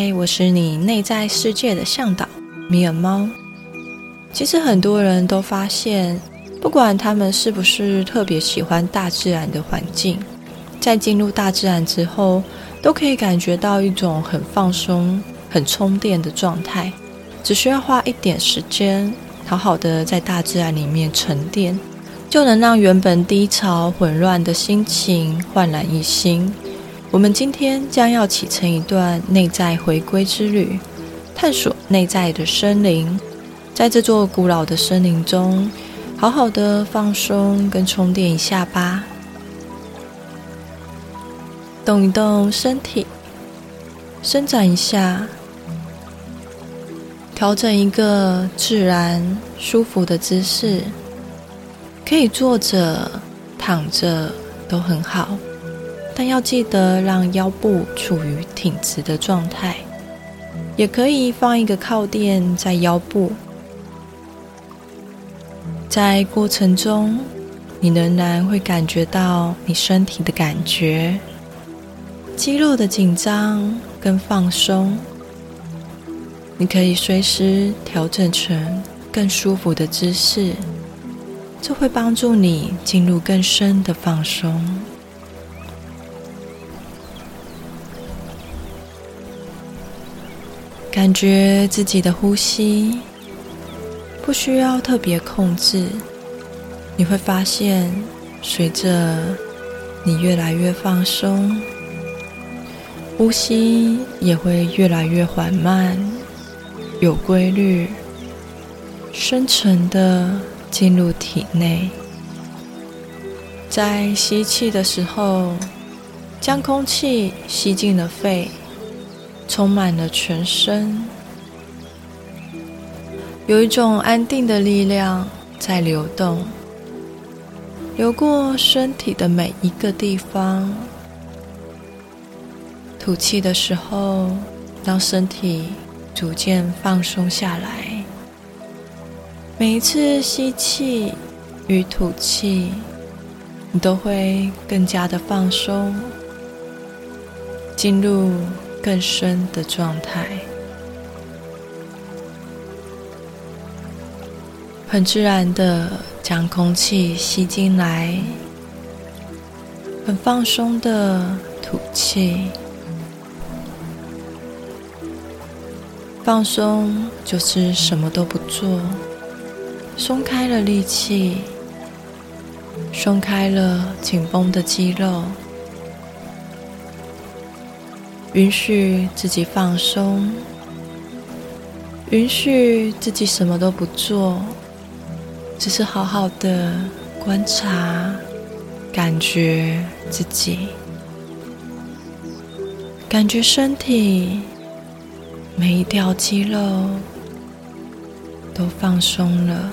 Hi, 我是你內在世界的嚮導，米爾貓。其實很多人都發現，不管他們是不是特別喜歡大自然的環境，在進入大自然之後，都可以感覺到一種很放鬆、很充電的狀態。只需要花一點時間，好好的在大自然裡面沉澱，就能讓原本低潮、混亂的心情煥然一新。我們今天將要啟程一段內在回歸之旅，探索內在的森林。在這座古老的森林中，好好的放鬆跟充電一下吧。動一動身體，伸展一下，調整一個自然舒服的姿勢，可以坐着、躺着都很好。但要記得讓腰部處於挺直的狀態，也可以放一個靠墊在腰部。在過程中，你仍然會感覺到你身體的感覺、肌肉的緊張跟放鬆。你可以隨時調整成更舒服的姿勢，這會幫助你進入更深的放鬆。感覺自己的呼吸，不需要特別控制，你會發現，隨着你越來越放鬆，呼吸也會越來越緩慢、有規律、深沉地進入體內。在吸氣的時候，將空氣吸進了肺。充滿了全身，有一種安定的力量在流動，流過身體的每一個地方。吐氣的時候，讓身體逐漸放鬆下來，每一次吸氣與吐氣，你都會更加的放鬆，進入。更深的狀態，很自然的將空氣吸進來，很放鬆的吐氣。放鬆就是什麼都不做，鬆開了力氣，鬆開了緊繃的肌肉。允許自己放鬆，允許自己什麼都不做，只是好好的觀察，感覺自己，感覺身體每一條肌肉都放鬆了，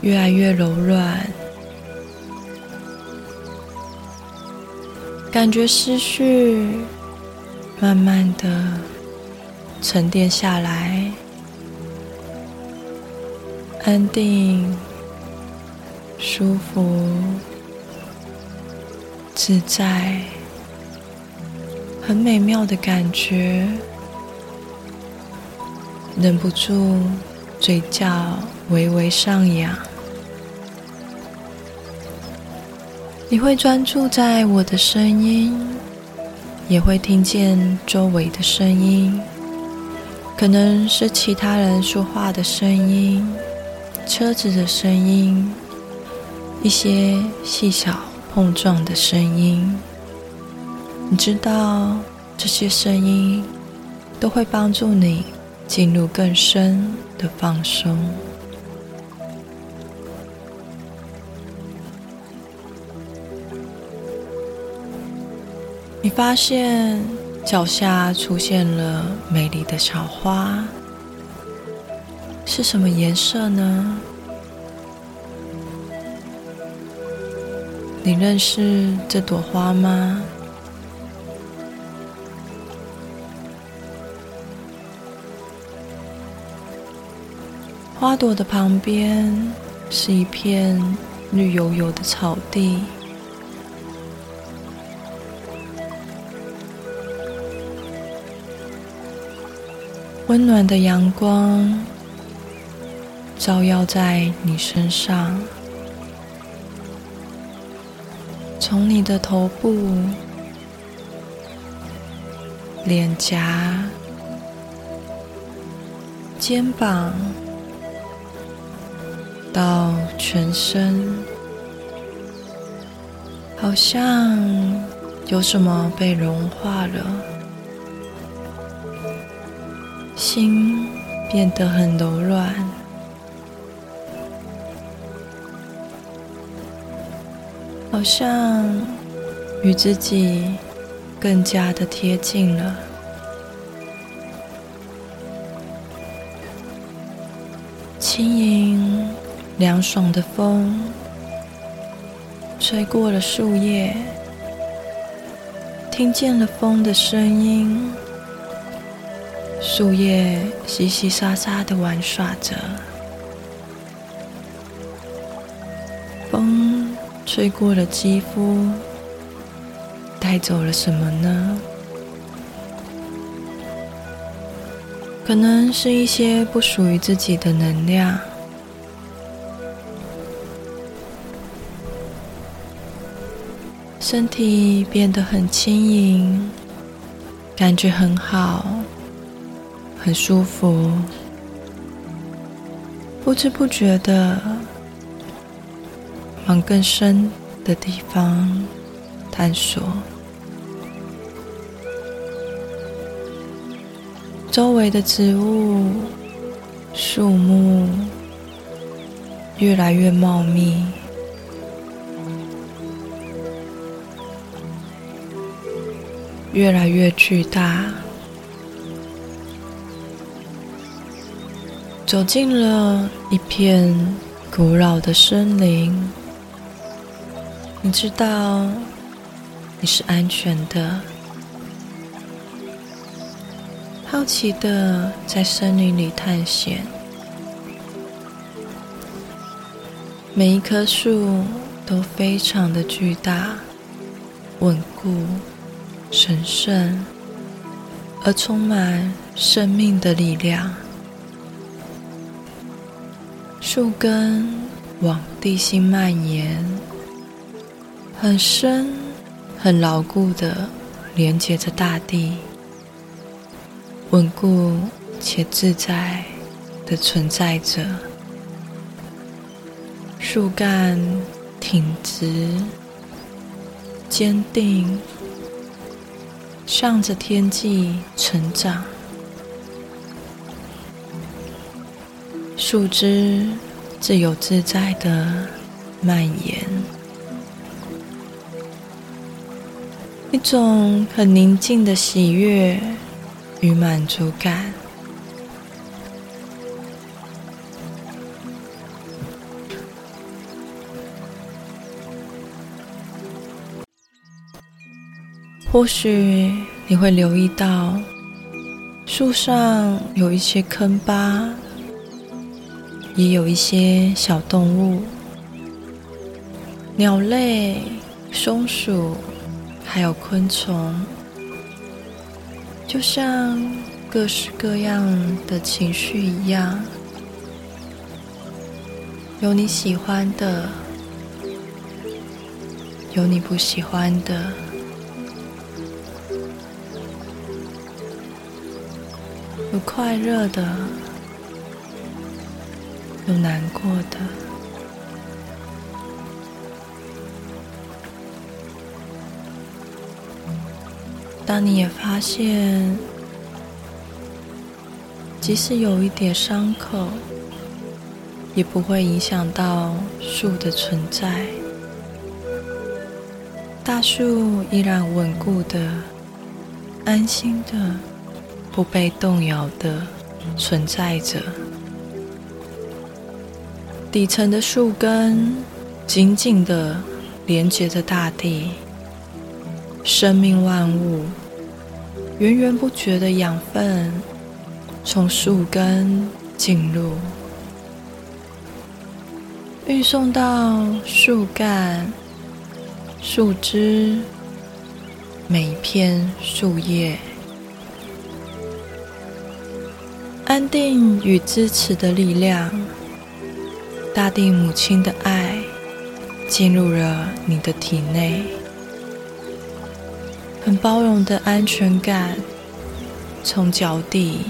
越來越柔軟。感覺思緒慢慢的沉澱下來，安定、舒服、自在，很美妙的感覺，忍不住嘴角微微上揚。你會專注在我的聲音，也會聽見周圍的聲音，可能是其他人說話的聲音、車子的聲音、一些細小碰撞的聲音。你知道這些聲音都會幫助你進入更深的放鬆。你發現腳下出現了美麗的小花，是什麼顏色呢？你認識這朵花嗎？花朵的旁邊是一片綠油油的草地。溫暖的陽光照耀在你身上，從你的頭部、臉頰、肩膀到全身，好像有什麼被融化了。心變得很柔軟，好像與自己更加的貼近了。輕盈、涼爽，爽的風吹過了樹葉，聽見了風的聲音。樹葉淅淅沙沙的玩耍着，風吹過了肌膚，帶走了什麼呢？可能是一些不屬於自己的能量，身體變得很輕盈，感覺很好。很舒服，不知不覺的往更深的地方探索。周圍的植物、樹木越來越茂密，越來越巨大。走進了一片古老的森林，你知道你是安全的，好奇的在森林裡探險。每一棵樹都非常的巨大、穩固、神聖，而充滿生命的力量。樹根往地心蔓延，很深、很牢固的連接着大地，穩固且自在的存在着。樹幹挺直、堅定，向着天際成長。樹枝自由自在的蔓延，一種很寧靜的喜悅與滿足感。或許你會留意到，樹上有一些坑疤。也有一些小動物、鳥類、松鼠，還有昆蟲，就像各式各樣的情緒一樣，有你喜歡的，有你不喜歡的，有快樂的。有難過的。當你也發現，即使有一點傷口，也不會影響到樹的存在。大樹依然穩固的、安心的、不被動搖的存在着。底層的樹根緊緊的連接着大地，生命萬物源源不絕的養分從樹根進入，運送到樹幹、樹枝、每一片樹葉，安定與支持的力量。大地母親的愛進入了你的體內，很包容的安全感從腳底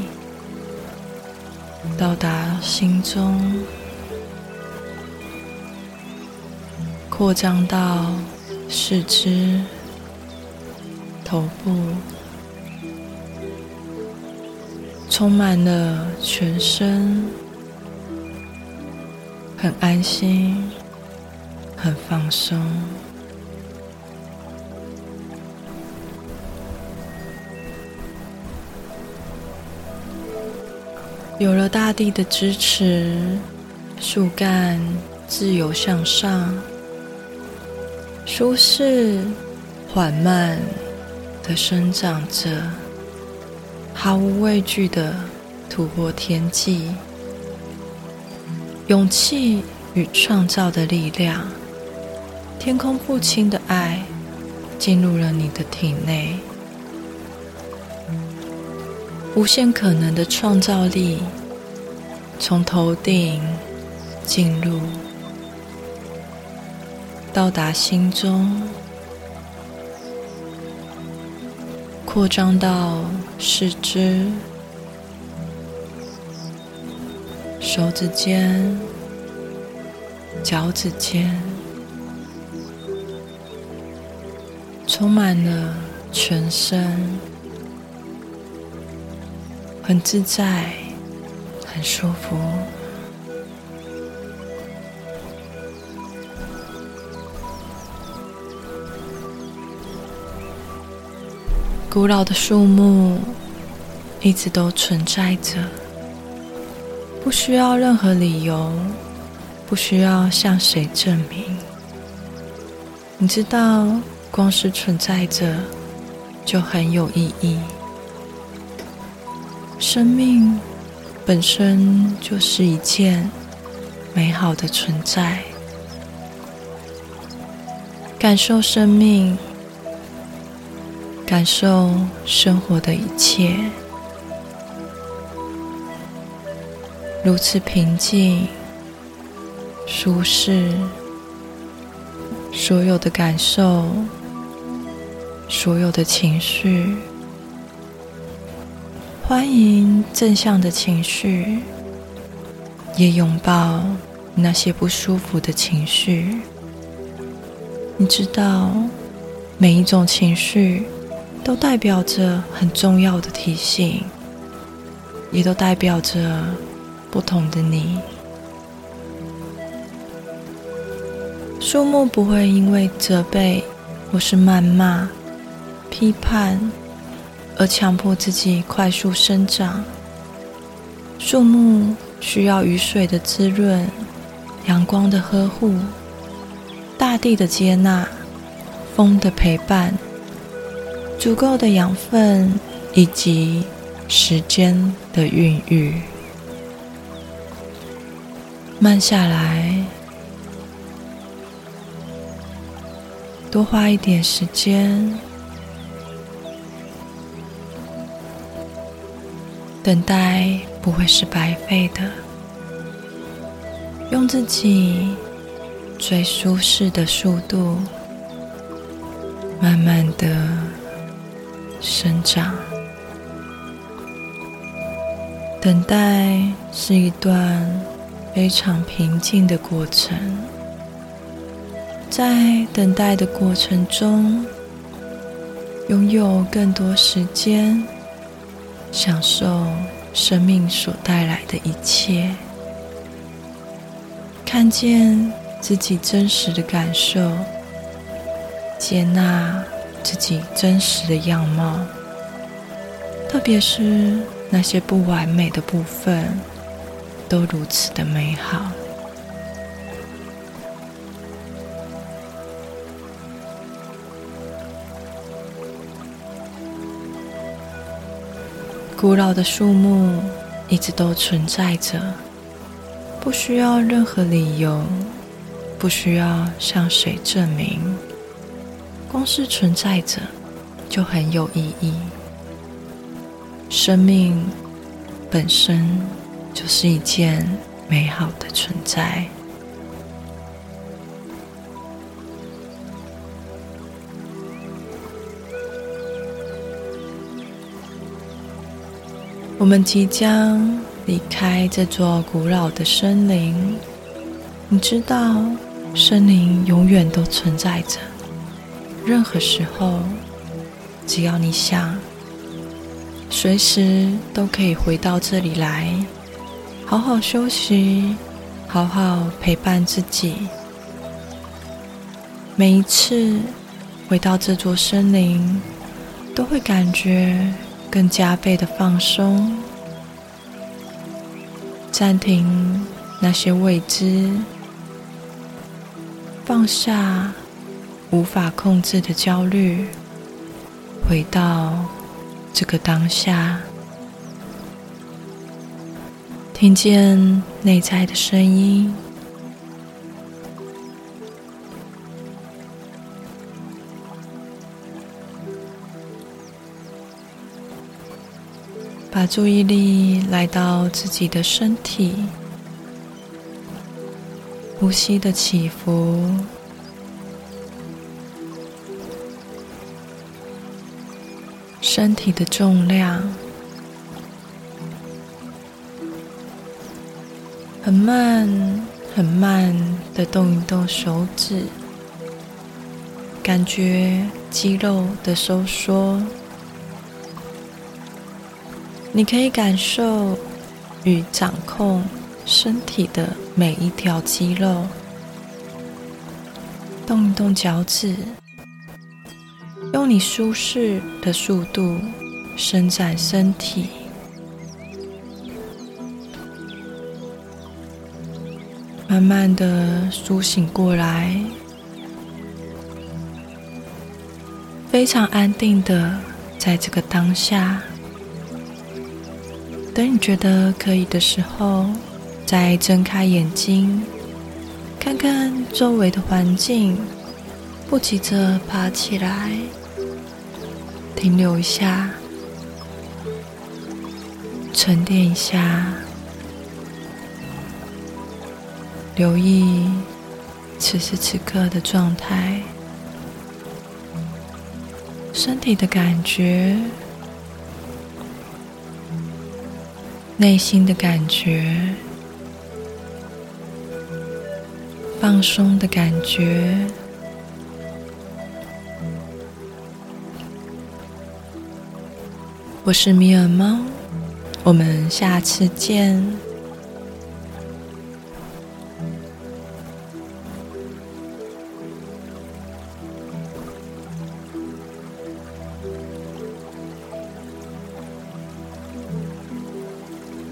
到達心中，擴張到四肢、頭部，充滿了全身。很安心，很放鬆。有了大地的支持，樹幹自由向上，舒適、緩慢的生長着，毫無畏懼的突破天際。勇氣與創造的力量，天空父親的愛進入了你的體內，無限可能的創造力從頭頂進入，到達心中，擴張到四肢。手指尖、腳趾尖充滿了全身，很自在，很舒服。古老的樹木一直都存在着。不需要任何理由，不需要向誰證明。你知道，光是存在着，就很有意義。生命本身就是一件美好的存在。感受生命，感受生活的一切。如此平靜、舒適，所有的感受，所有的情緒。歡迎正向的情緒，也擁抱那些不舒服的情緒。你知道，每一種情緒都代表着很重要的提醒，也都代表着。不同的你，樹木不會因為責備或是謾罵、批判而強迫自己快速生長。樹木需要雨水的滋潤、陽光的呵護、大地的接納、風的陪伴、足夠的養分以及時間的孕育。慢下來，多花一點時間，等待不會是白費的。用自己最舒適的速度，慢慢的生長。等待是一段。非常平靜的過程，在等待的過程中，擁有更多時間，享受生命所帶來的一切，看見自己真實的感受，接納自己真實的樣貌，特別是那些不完美的部分。都如此的美好。古老的樹木一直都存在着，不需要任何理由，不需要向誰證明，光是存在着就很有意義。生命本身。就是一件美好的存在。我們即將離開這座古老的森林，你知道，森林永遠都存在着。任何時候，只要你想，隨時都可以回到這裡來。好好休息，好好陪伴自己。每一次回到這座森林，都會感覺更加倍的放鬆，暫停那些未知，放下無法控制的焦慮，回到這個當下。聽見內在的聲音，把注意力來到自己的身體，呼吸的起伏，身體的重量。很慢、很慢的動一動手指，感覺肌肉的收縮。你可以感受與掌控身體的每一條肌肉。動一動腳趾，用你舒適的速度伸展身體。慢慢的甦醒過來，非常安定的在這個當下。等你覺得可以的時候，再睜開眼睛，看看周圍的環境，不急着爬起來，停留一下，沉澱一下。留意此時此刻的狀態，身體的感覺，內心的感覺，放鬆的感覺。我是米爾貓，我們下次見。